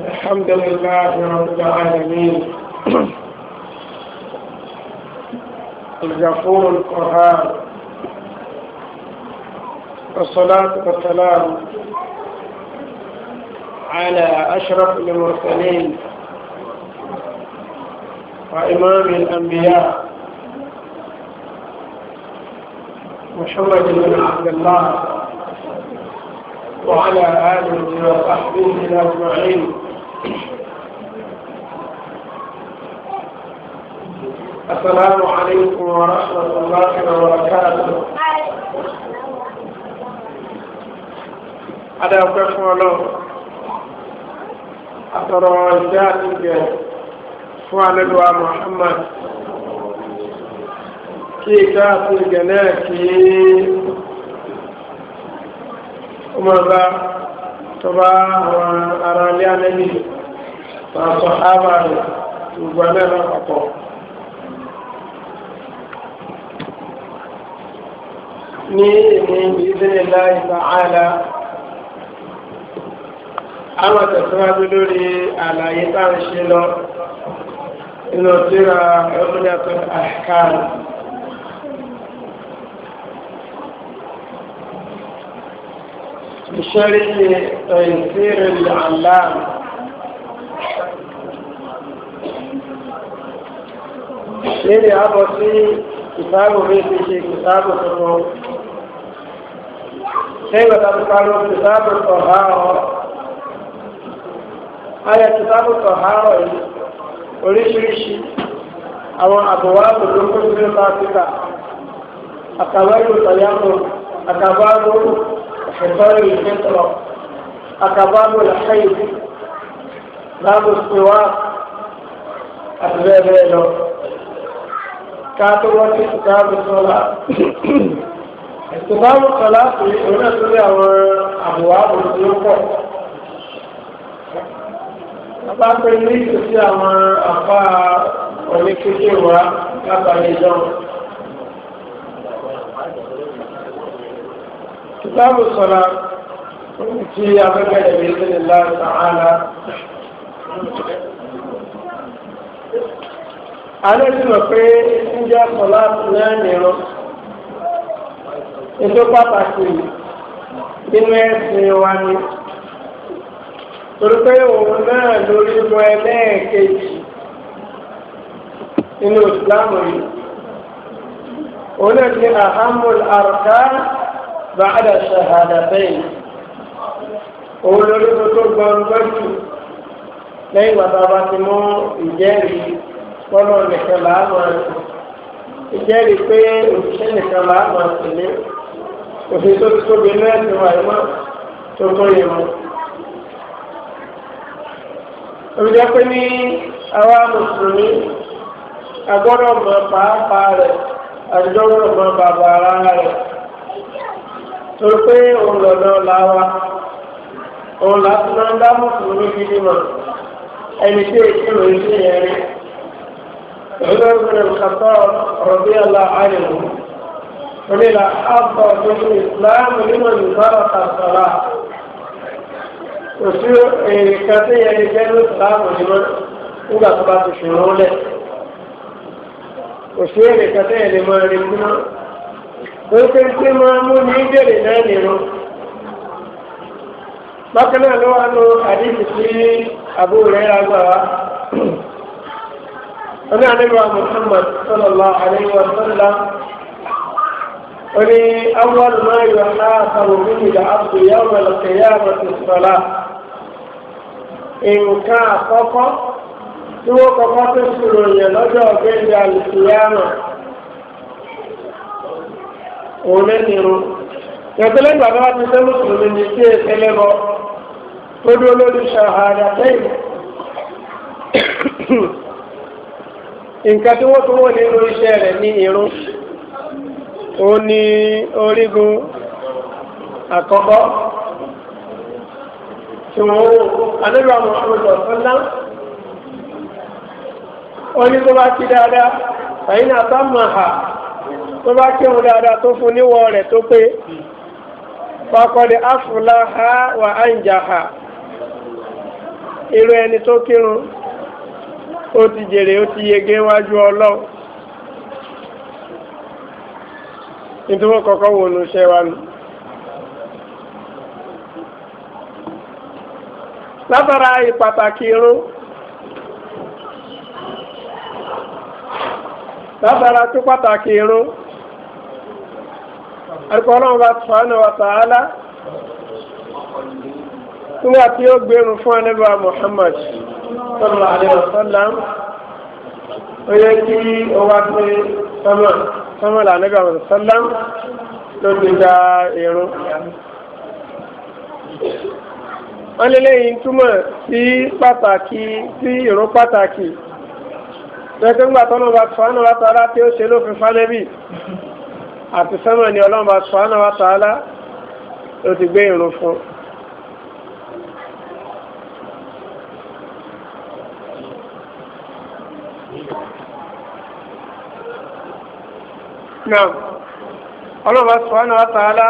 الحمد لله رب العالمين الغفور القرآن والصلاة والسلام على أشرف المرسلين وإمام الأنبياء محمد بن عبد الله وعلى آله وصحبه أجمعين. السلام عليكم ورحمة الله وبركاته أنا ko ko lo atoro jati ge fuale do muhammad ki máa bá tọ́ba àwọn ará ilé anẹ́bí so sọ ábà rẹ̀ gbogbo alẹ́ náà papọ̀. ní èmi ìdílé a máa tẹ̀síwájú lórí àlàyé tá à بشرح تيسير العلام ليلي أبو سي كتابه بيتي شي كتاب الفروع كيف تذكر كتاب الطهارة آية كتاب الطهارة oríṣiríṣi àwọn àbọ̀wá tòló kó sílẹ̀ fásità àtàwẹ́rù tàyàtò àtàbáwò وخير الفطرة أكباب الحيض باب السواك الزبيل كاتبة كتاب الصلاة كتاب الصلاة هنا تلي أبواب الزيوكو Bàbá pé ní ìsòsí àwọn àpá oníkéjì wa lábàá ní ìjọba. كتاب الصلاة في أمريكا بإذن الله تعالى أنا أسمع في إنجا صلاة نانيرو ètò pàtàkì nínú ẹ̀sìn wa ni torí pé òun náà lórí mọ ẹlẹ́ẹ̀kejì nínú ìsìlámù yìí òun náà ti àhámùl àrùká. بعد الشهادتين olórí tó gbọ́ngbọ́jù lẹ́yìn bàbá bá ti mú ìjẹ́rìí pọ́nà nìkan láàmà ìjẹ́rìí pé òṣìṣẹ́ nìkan láàmà tẹ̀lé òfin tó ti tóbi lẹ́ẹ̀sìn àìmọ́ tó tó yẹ mọ́. òbíjọ́ pé ní àwa mùsùlùmí agbọ́dọ̀ mọ pàápàá rẹ̀ àdúgbò mọ bàbá ara rẹ̀ torí pé òun lọ́dọ̀ la wa òun láti máa ń dá mùsùlùmí gidi mọ̀ ẹni tí èyí ló ń ṣe yẹn rí. عمر بن الخطاب رضي الله عنه قيل أفضل في الإسلام لمن ترك الصلاة òsì ìkàtí ẹni jẹ́ ló sàmù ní mọ́ nígbà tó bá ti ṣòro lẹ̀ òsì ìkàtí ẹni mọ́ ẹni lóṣè tí máa mú ní bèrè náà nìyẹn bákan náà ló wà ló àdéhùn sí àbúrò rẹ̀ agbára Muhammad sallallahu alaihi wa sallam oní awwal ma ha sàrò nínú ìdá àbúrò yawm al-qiyamati as-salah nǹkan àkọ́kọ́ tí wọ́n kọ́kọ́ tó sùrọ̀ yẹn òun náà ní irun ìrọ̀tẹ́lẹ́ ìgbà bá ti sẹ́ mùsùlùmí ní sí ẹ̀sẹ̀lẹ́ bọ́ tó dúró lórí ṣàhàdà sẹ́yìn nǹkan tí wọ́n tún wọ́n nínú iṣẹ́ rẹ̀ ní irun ó ní orígun àkọ́kọ́ tí wọ́n wò anábìá mọ̀ọ́mọ́tò ọ̀sánlá ó ní tó bá ti dáadáa fàyínà tá mọ̀ ha. tó bá kírun dáadáa tó fún níwọ̀ rẹ̀ tó pé fakọ́dé ha wà ánjàha irú ẹni tó kírun ó ti jèrè ó ti yege wájú ọlọ́run nítorí kọ́kọ́ wò ló ṣe wa nù. látara ìpàtàkì àlùkò ọlọ́run bá subhanahu wa ta'ala nígbà tí ó gbẹrun fún anábà Muhammad sallallahu alaihi wasallam ó yẹ kí ó wá sí sọmọ sọmọ là anábà sallam ló ti gba irun. wọ́n lé lẹ́yìn túmọ̀ sí pàtàkì sí irun pàtàkì lẹ́gbẹ̀ngbà tọ́nà bá subhanahu wa ta'ala tí ó ṣe lófin fánẹ́bì àti sánmà ni ọlọ́mọba sọ́hánà wa tààlà ló ti gbé ìrun fún. náà ọlọ́mọba sọ́hánà wa tààlà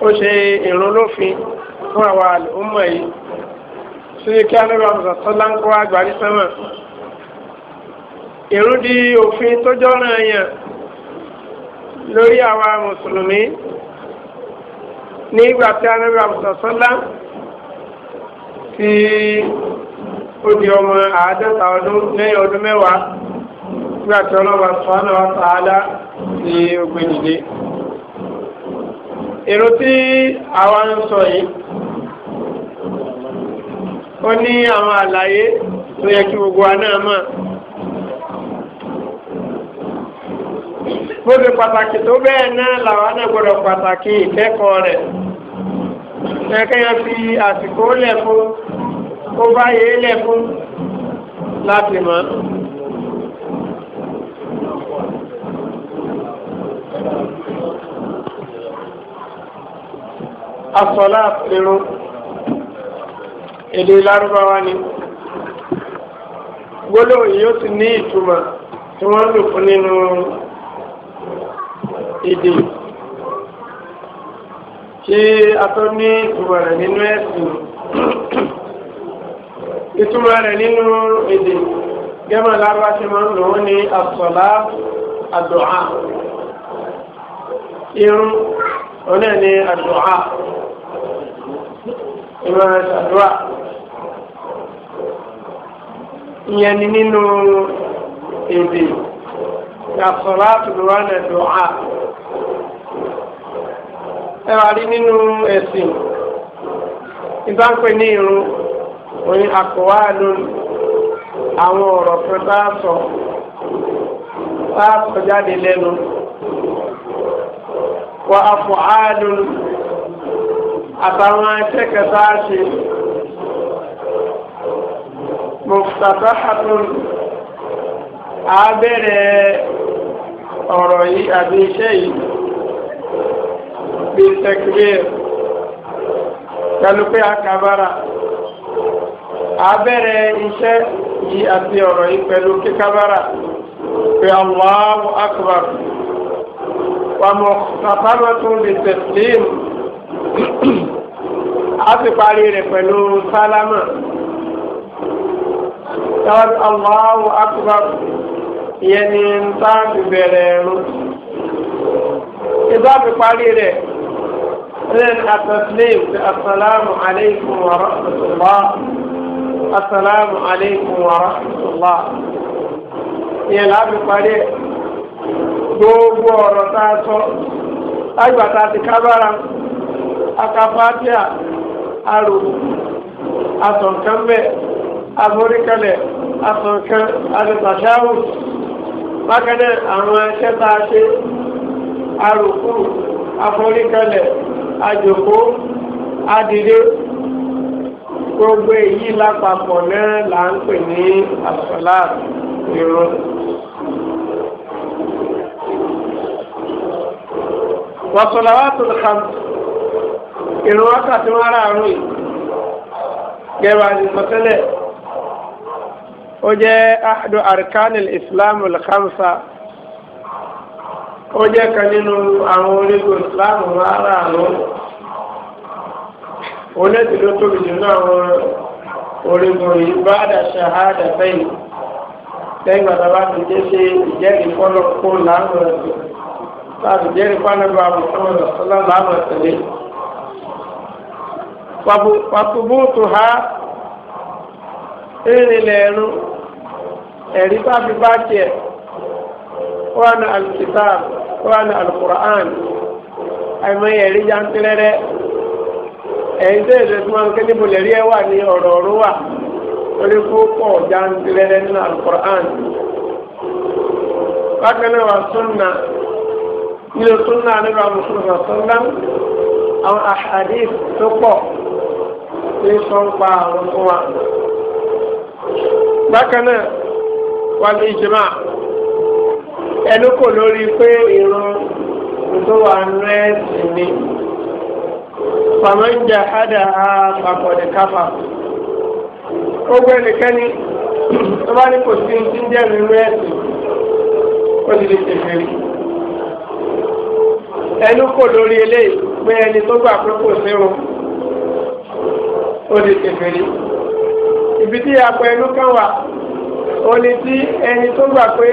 ó ṣe ìrun lófin fún àwa àlùmọ̀ yìí síbi kí alẹ́ bá mọ̀sán tó láńkó àgbárí sánmà. ìrun di òfin tó jọ́ náà yàn lórí àwa mùsùlùmí ní ìgbà tí anábì àbùsọ̀sọ́lá ti ó di ọmọ àádọ́ta ọdún lẹ́yìn ọdún mẹ́wàá nígbà tí ọlọ́ba sọ́nà ọ̀tàádá ti ogun ìdílé. èrò tí àwa ń sọ yìí ó ní àwọn àlàyé tó yẹ kí gbogbo wa náà mọ̀. bó ṣe pàtàkì tó bẹ́ẹ̀ náà làwọn náà gbọ́dọ̀ pàtàkì ìkẹ́kọ̀ọ́ rẹ̀ ẹ̀kẹ́yàn fi àsìkò lẹ̀ fún kó bá yé lẹ̀ fún láti mọ̀. asọ́lá irun èdè lárúbáwá ni gbólóhùn yóò ti ní ìtumọ̀ tí wọ́n lò fún nínú èdè ṣé atọ́ ní ìtumọ̀ rẹ̀ nínú ẹ̀sìn ìtumọ̀ rẹ̀ nínú èdè gẹ́mọ̀ lárúbá ṣe máa ń lò ó ní àsọ̀lá àdùá irun ọ̀nà ní àdùá ìmọ̀ àdùá ìyẹn ni nínú èdè àsọ̀lá àdùá ẹ wà rí nínú ẹ̀sìn ìbá ń pè ní irun òní àkọ́wá lónìí àwọn ọ̀rọ̀ kan tá a sọ tá a sọ jáde lẹ́nu wà á fọ áàdùn àtàwọn akẹ́kẹ̀ẹ́ tá a ṣe mọ̀tàtà àtún àbẹ̀rẹ̀ ọ̀rọ̀ yìí àbí iṣẹ́ yìí. بالتكبير pẹ̀lú pé a kàbára abẹ́rẹ́ iṣẹ́ yìí àti ọ̀rọ̀ yìí pẹ̀lú Allahu akbar wa mukhtamatun bitaslim a ti parí rẹ̀ pẹ̀lú sálámà Allahu akbar ìyẹn ni ń tá a ti bẹ̀rẹ̀ parí rẹ̀. Then at the slave, Assalamu alaikum wa rahmatullah. Assalamu alaikum wa rahmatullah. Ìyẹn láti parí gbogbo ọ̀rọ̀ tá a sọ. Àgbàtà ti kábàrà, akafatia, arò, àtọ̀nkánbẹ̀, àforíkalẹ̀, àtọ̀nkán, àtẹ̀tàṣáwò. Bákan náà, àwọn ẹṣẹ́ tá a ṣe, aròkú, àforíkalẹ̀, àjòkó adìde gbogbo èyí lápapọ̀ náà là ń pè ní àsọlá irun. wàsọ̀làwà tó lè ka irun wákàtí wọn ara yìí gẹ̀rọ àdìsọ̀tẹ́lẹ̀ ó jẹ́ ahdu arkanil islam al ó jẹ́ kan nínú àwọn orígun ìsìláàmù rárá àrùn onídìí ló tóbi jù náà wọn orígun ìbáàdà ṣàhádà fẹ́yìn lẹ́yìn bàtà bá ti dé sí ìjẹ́rìí fọ́lọ́ kó láàmú ẹ̀sìn láti jẹ́rìí fánàbà mùsùlùmí ọ̀sán láàmú ẹ̀sìn lé. pàtùbùtù ha ìrìnlẹ̀ ẹ̀rú ẹ̀rí bá fi bá tiẹ̀ wọn àlùkìtà àbọ̀ wà ní alukur'an àìmọye ẹ̀rí jantirẹrẹ ẹ̀yin tó yẹ tó máa ń ké níbo lẹ́rí ẹ wà ní ọ̀rọ̀ ọ̀rọ̀ wà orí kó pọ̀ jantirẹrẹ nínú alukur'an bákan náà wà sunna nínú sunna nípa mùsùlùmí sunna àwọn ahadith tó pọ̀ ní ẹnu kò lórí pé irun tó wà nù ẹ̀sìn ni fàmọ́njà hádà á pàkọ̀dé káfà gbogbo ẹnikẹ́ni tó bá ní kò sí ní ti ń jẹ́ nínú ẹ̀sìn ó ti lè ṣèṣe ẹnu kò ibi tí apẹ ẹnu kan wà ó lè tí ẹni tó gbà pé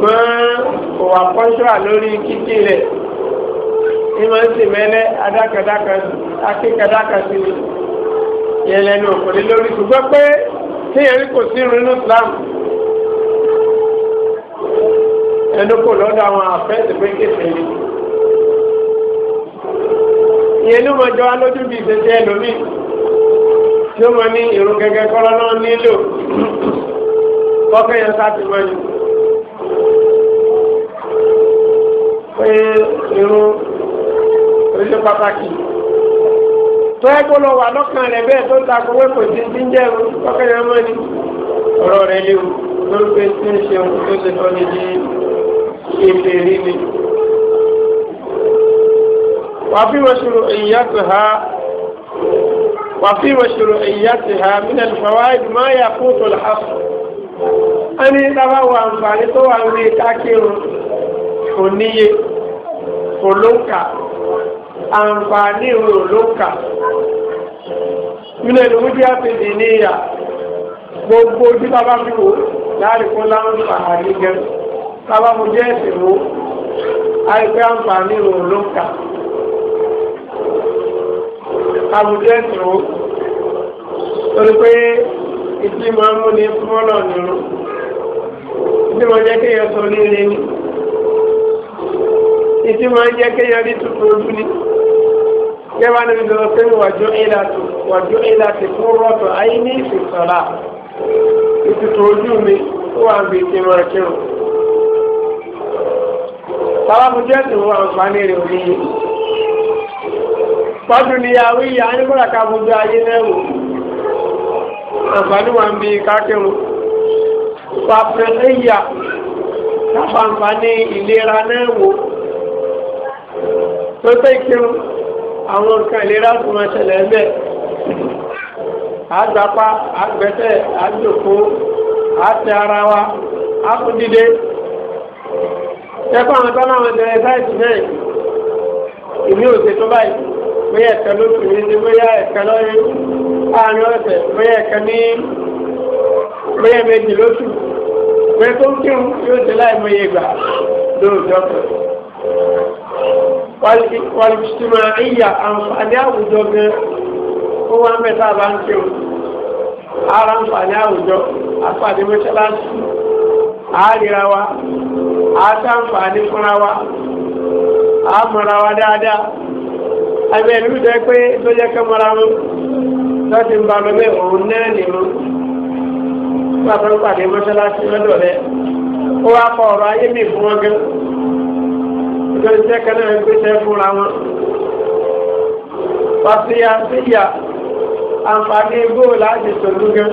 ṣùgbọ́n kò wà pọ́ṣúà lórí kíkì rẹ̀ ní máa ń sì mẹ́lẹ́ sí ni yẹn lẹ́nu lórí ṣùgbọ́n pé téèyàn rí kò sí irun Islam ẹnu kò lọ́dọ̀ àwọn àfẹ́sì pé kékeré ìyẹn ló máa jọ bíi ìṣẹ̀ṣẹ̀ ẹlòmíì tí ó ní gẹ́gẹ́ kọ́lọ́ náà nílò ti mọ́ pé irun oṣù pàtàkì tó ẹ lọ wà lọ́kàn rẹ̀ bẹ́ẹ̀ tó ta kó wẹ́pọ̀ tí ti ń jẹ́ irun lọ́kàn mọ́ ni ọ̀rọ̀ rẹ̀ léwu lórí tí ń ṣe ohun tó ṣe tọ́ni ní ìpè rí ni. wà á fi wọ́n ṣòro ìyá tó ha. وفي مشروعيتها من الفوائد ما يفوت kò níye kò lóǹkà àǹfààní rò lóǹkà nínú ìlú wíjú àpèjì ní ìyà gbogbo ojú bàbá mi wò láàrin fún láǹfààní gẹ bàbá mo jẹ́ ẹ̀sìn wo àìpé àǹfààní rò lóǹkà àwùjọ ẹ̀sìn wo torí pé ìtì máa ń múni fún ọlọ́ọ̀nù ìtì máa jẹ́ kéèyàn sọ ní ilé ni ìtí máa ń jẹ́ kéèyàn rí tuntun ojú ni kẹwàá níbi lọ pé wàjú ìlàtì wàjú ìlàtì fún rọtò ayé ní ìfìsọlá ìtutù ojú mi ó wà ń bí kí n máa kírun. sábàbùjẹ́ sì wọ àǹfààní rẹ̀ òní yìí. pọ́dù níyàwó ìyá nígbàdà kábùjọ ayé náà wò àǹfààní wà ń bí kákírun. pàpẹ́ ìyá kábàǹfààní ìlera náà wò. tó tẹ́ kírun àwọn nǹkan ìlera tó máa ṣẹlẹ̀ ẹgbẹ́ àgbàpá àgbẹ̀tẹ̀ àjòkó àti ara wa àkúndídé ẹ̀kọ́ àwọn tọ́lá àwọn ẹ̀dẹ̀rẹ̀ sáìtì náà ìní òsè tó báyìí bóyá ẹ̀kẹ́ ló fi ní bóyá ẹ̀kẹ́ lọ́yẹ́ àárín ọ̀sẹ̀ bóyá ẹ̀kẹ́ ní bóyá méjì lóṣù bóyá tó ń kírun yóò ṣe ìgbà lóòjọ́ kan. wàlùsùmọ̀ ìyà àǹfààní àwùjọ gan ó wá o ara àǹfààní àwùjọ àpàdé mọ́ṣáláṣí àárira wa àtàǹfààní fúnra wa àmọ̀ra wa dáadáa àbẹ̀ ìlú jẹ́ pé tó jẹ́ kẹ́ mọ́ra na nǹkan iṣẹ́ kan náà gbéṣẹ́ fúnra wọn. pàṣíyà síyà àǹfààní góòlù àti sòlú gan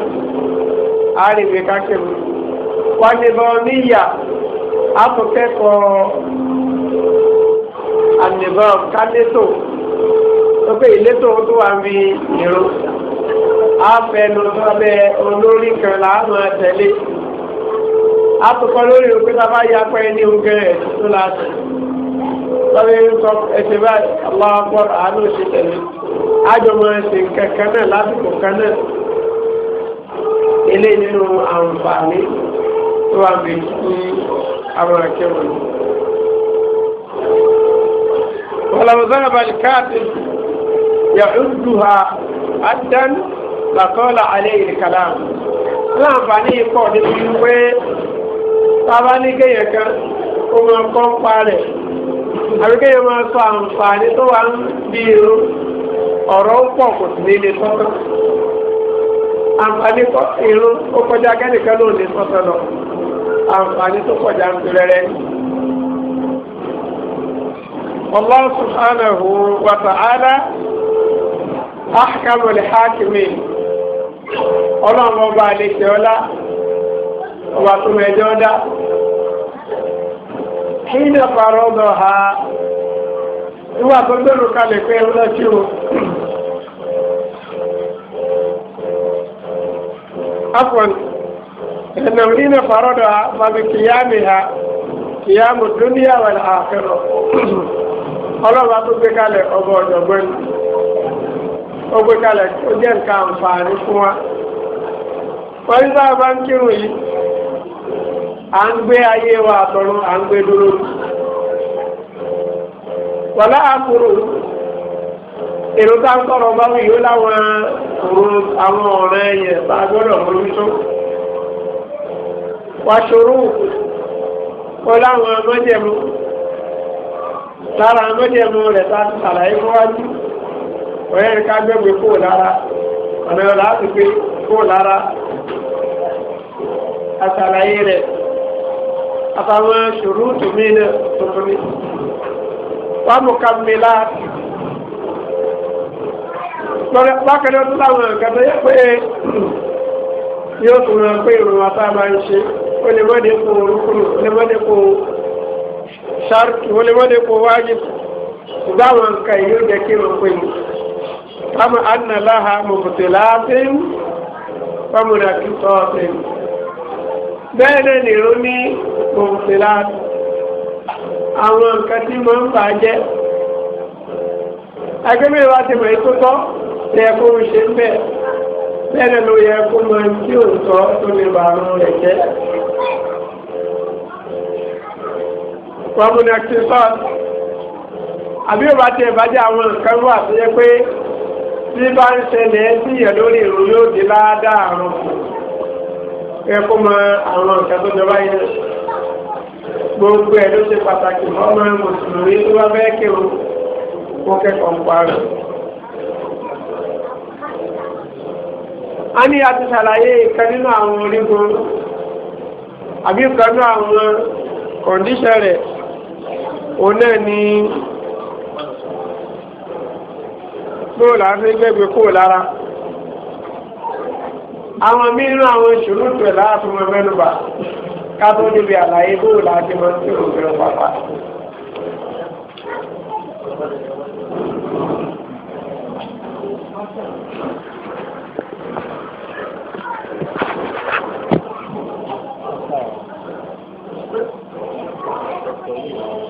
àrègbè kákẹ́rù. wàjibọ̀ níyà àtúnkẹ́kọ̀ọ́ ànìbọ̀n kálétò tó pé ìlétò tó wà ń fi ìró afẹnusọbẹ olórí kan la máa tẹ̀lé atukọ lórí òkúta bá ya pẹ́ ní oge ẹ̀ tó la tẹ̀ sọ́rí sọ ẹsẹ̀ báyìí aláwọ̀ àánú ṣe tẹ̀lé àjọmọ̀ ẹsẹ̀ kankan náà lásìkò kan náà ilé nínú àǹfààní tó wà bí kí àwọn akẹ́wọ̀n ni. wàlàmùsọ́nà bá káàtì yàtúndùhà àdán làtọ́lá alẹ́ ìrìkàlá láǹfààní pọ̀ níbi wípé tábánígẹ̀yẹ̀ kan ó máa kọ́ ń pa àbíkẹ́ yẹn máa sọ àǹfààní tó wà ń bí irun ọ̀rọ̀ ń pọ̀ kò sì ní ilé tọ́tọ́ àǹfààní irun ó kọjá kẹ́nìkan ló ní tọ́tọ́ lọ àǹfààní tó kọjá ń tu rẹ́rẹ́. Allah subhanahu wa ta'ala ahkamul hakimin ọlọ́run ọba àlejò ọlá ọba tó mẹjọ dá. hínà pàrọ̀ ọ̀dọ̀ ha ìwà tó gbèrò kalẹ̀ pé ẹ̀rọ lọ́tí o. afọn ẹnà hínà pàrọ̀ ha màbí tó gbé kalẹ̀ ọgbà ọ̀jọ̀gbọ́n ó gbé kalẹ̀ ó jẹ́ nǹkan àǹfààní fún wa. wọ́n sábà ń kírun yìí. a ń gbé ayé wa àtọ̀run à ń gbé dúró. wàlá àkùrù èrò tá ń sọ̀rọ̀ bá wù yóò láwọn àwọn ọ̀rẹ́ yẹn bá gbọ́dọ̀ mójútó. wàṣọrù wọ́n láwọn ọmọdéẹ̀mú lára ọmọdéẹ̀mú rẹ̀ tá a ti sàlàyé fọ́wájú ọ̀yẹ́ ká gbẹ́gbẹ́ kó lára ọ̀nà àtàwọn ṣòro tòmí náà tuntun ni wọ́n mú ká mi láti lọ́rẹ́ bákẹ́lẹ́ tó láwọn nǹkan tó yẹ pé yóò tún máa pé ìrùn àtà máa ń ṣe ó lè mọ́dé kó orúkúrò ó lè mọ́dé kó ṣáàtì ó lè mọ́dé kó wáyé ṣùgbọ́n àwọn nǹkan yóò jẹ́ kí wọ́n pè ní. káma anna láha láàbẹ̀ wọ́n kí tọ́ ọ̀sẹ̀ yìí. bẹ́ẹ̀ náà nìró ní òǹfìlà àwọn nǹkan tí ma ń bà jẹ́ agbẹ́mìí ti mọ̀ ètò tọ́ ṣe ṣe ń bẹ̀ ló yẹ kó tí ò ń tọ́ tó lè bà àrùn rẹ̀ jẹ́ wọ́n mú ní akínsọ́ọ̀t ẹ̀kọ́ mọ àwọn nǹkan tó jọba yìí gbogbo ẹ̀ ló ṣe pàtàkì ọmọ mùsùlùmí tó bá fẹ́ kéwò kó kẹ́kọ̀ọ́ ń a ní àti ṣàlàyé ìkan nínú àwọn orígun àbí ìkan nínú àwọn kọ̀ǹdíṣẹ̀ ni kúrò kúrò àwọn mìíràn àwọn ìṣòro tẹ̀ láàfin wọn mẹ́nuba ká tó níbi àlàyé bóòlù láti máa ń tẹ̀wọ̀n fẹ́ràn pàpà. Thank you.